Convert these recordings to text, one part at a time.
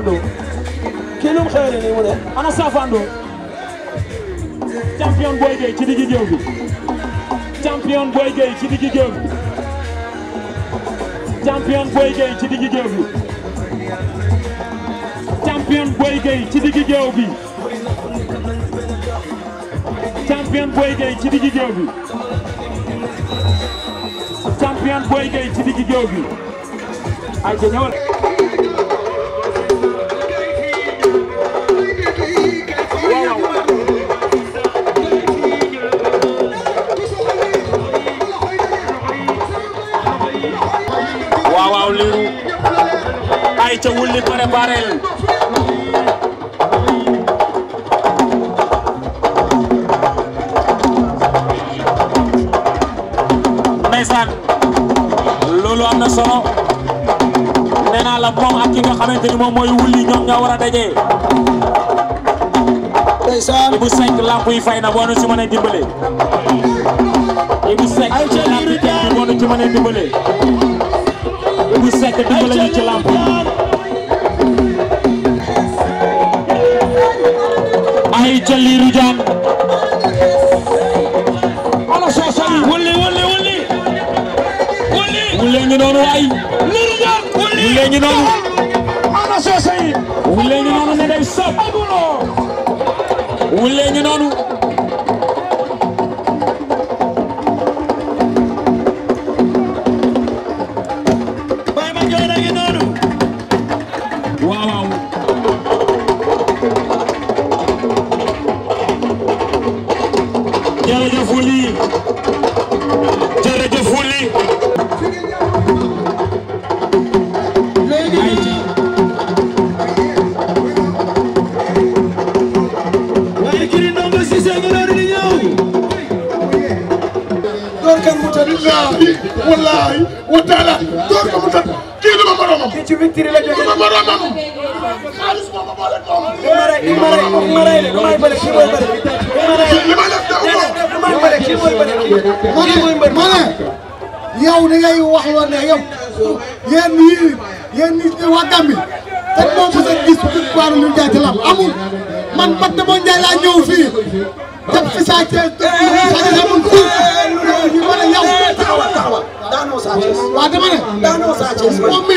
Safando kii lu ci di géew bi champion Boy Gueye ci di géew bi champion Boy Gueye ci di géew bi champion Boy Gueye ci diggi géew bi ci diggi bi champion Boy Gueye ay ñëwal gaaw liiru ay ca wulli préparel loolu am na solo nee naa la moom ak ki nga ni moom mooy wulli ñoom ñoo war a daje ndeysaan Ibou Seck lamp fay na boo nu ci mën a dimbale Ibou Seck lamp yi fay na boo nu ci a dimbale te dimbale ñu ci làmb ay ca Lirou Diane ala soosay wuli wuli wuli wuli wuli ngi noonu ay Lirou Diane wuli ngi noonu ala soosay wuli ngi noonu ne day sab wuli ngi noonu Kajoor a ngi billahi wallahi wa taala door ko mu tëdd kii du ma moromam kii ci victoire la jógee du ma moromam xaalis moo ma boole moom li ma rey li ma rey li may bëri kii mooy bëri li ma def def ko li may bëri kii mooy bëri kii mooy bëri ma ne yow da ngay wax loo ne yow yéen ñii yéen ñii waa Gambie te moom mos a gis victoire lu jaay ci lam amul man Bat Demba Ndiaye laa ñëw fii def fi saa cee waaw dama ne. daanaka Sa Thiès moom mi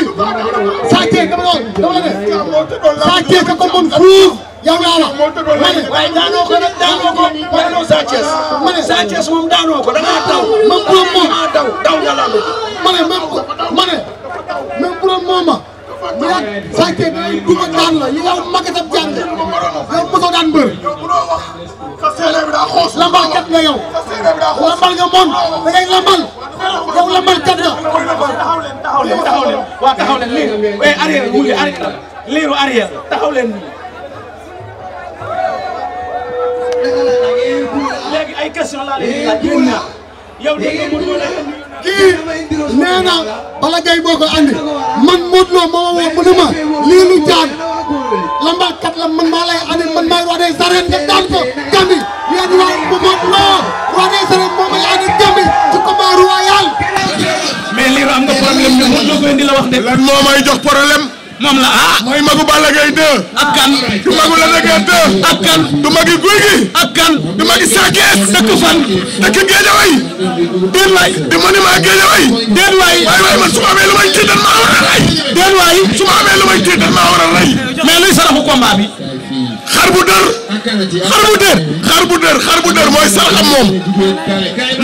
Sa Thiès dama ne dama ne Sa Thiès ka ko mën fuuf yow yaa la. ma ne waaye daanoo ko daanoo ko daanoo Sa Thiès. ma ne Sa Thiès moom daanoo ko da ngaa daw. même bu doon moom daw daw nga laa bëgg. ma ne même bu ma ne même bu doon moom ma. yaa Sa Thiès day dugg ak daan la yow magatam jàng yow mosoo daan mbër. lambar kat nga yow. lambar nga moon da ngay lamb. taxaw leen liir eh mu ngi arrière liiru arrière taxaw leen nii. léegi ay question na ma woo mu ne ma lii lu jaan wax de. lan moo may jox problème. moom la ah. mooy magu Balla Gaye 2. ak kan. du magu Lac de Guiers 2. ak kan. du magi Gouye Gui. ak kan. du magi Sa Thiès. dëkk fan. dëkk Géejawaay. déet waay. di monument Géejawaay. déet waay. waay waay man su ma amee lu may tiital maa war a rey. déet waay. su ma amee lu may tiital maa war a rey. mais luy saraxu combat bi. xar bu dër. xar bu dër. xar bu dër xar bu dër mooy saraxam moom.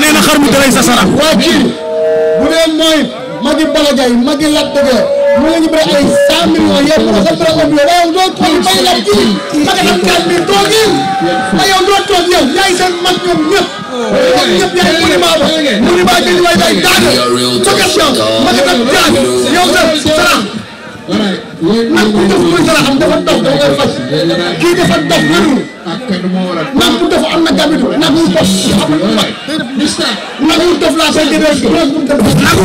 nee na xar bu dër ay sa sarax. waa kii bu dee mooy. magi Balla Gaye magi Lac de Guiers mu ngi ñu ay 100 millions mu ngi ko bëri am yow doo toog may la kii ma nga dem kàddu gi toog yéen ma yow doo toog yow yaay seen mag ñoom ñëpp ñoom ñëpp yaay mëni maa ba mëni maa jëli waay yaay daanaka man ku dof mënta la xam dafa dof da koy faj kii dafa dof wérul man ku dof am na gabitu nag wu dof amul bu mag nag wu dof laa koy jëlee nag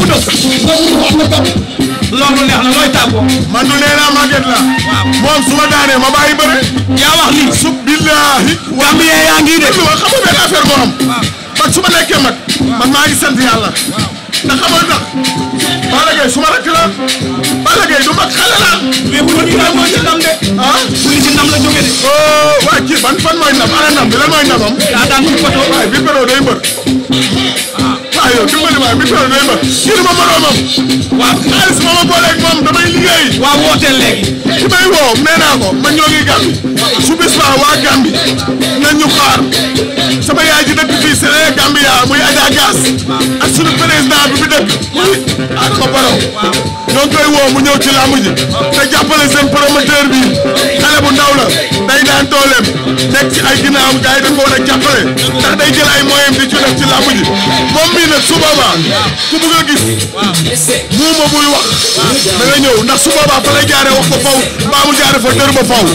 ma daanee ma bàyyi bëre yaa wax sub billaahi gambiyee yaa ngi de xam nga benn affaire moo am ma nekkee mag man maa ndax xamoon ndax Balla Gaye suma rakk la Balla Gaye du mag xale la. mais bu de. ah oh, waa kii ban fan mooy ndam ana ndam bi lan mooy ndamam. daa daan ci poto. waaye bi pero day mbër. waaw yow dimbali waaye bi pero day ma ma ma booleeg moom damay liggéey. waaw wooteel léegi. ki may woo nee naa ko man ñoo su bis waa Gàmbi nañ ñu ministre rek Gambia muy a Gass ak sunu président bi fi dëkk muy Adama Barrow ñoo koy woo mu ñëw ci làmb ji te jàppale seen promoteur bi bu ndaw la day nekk ay ginnaawam gars yi dañ ko war a day jël ay di ci def ci làmb ji moom mii ku bëgg gis muuma buy wax da nga ñëw ndax fa lay jaaree wax ko faw mbaa mu fa dër ba faw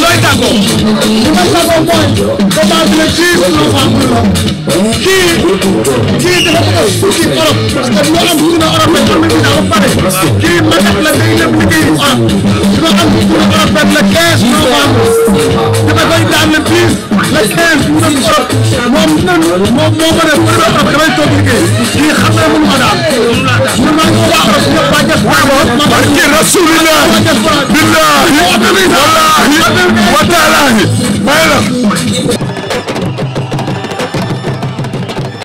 looy tàggoo li ma tàggoo mooy combat bi la kii kii kii dafa bëgg kii Europe parce que lu am suuna Europe lañ ko mën a pare kii magat la day dem liggéey Europe moom moo ko def bu dee ba damay toog liggéey kii xam naa mënu ma daal. man maa ngi ko wax rek ñëpp bàyyi des fois. barke rasulillah billahi wallahi wa taalahi may la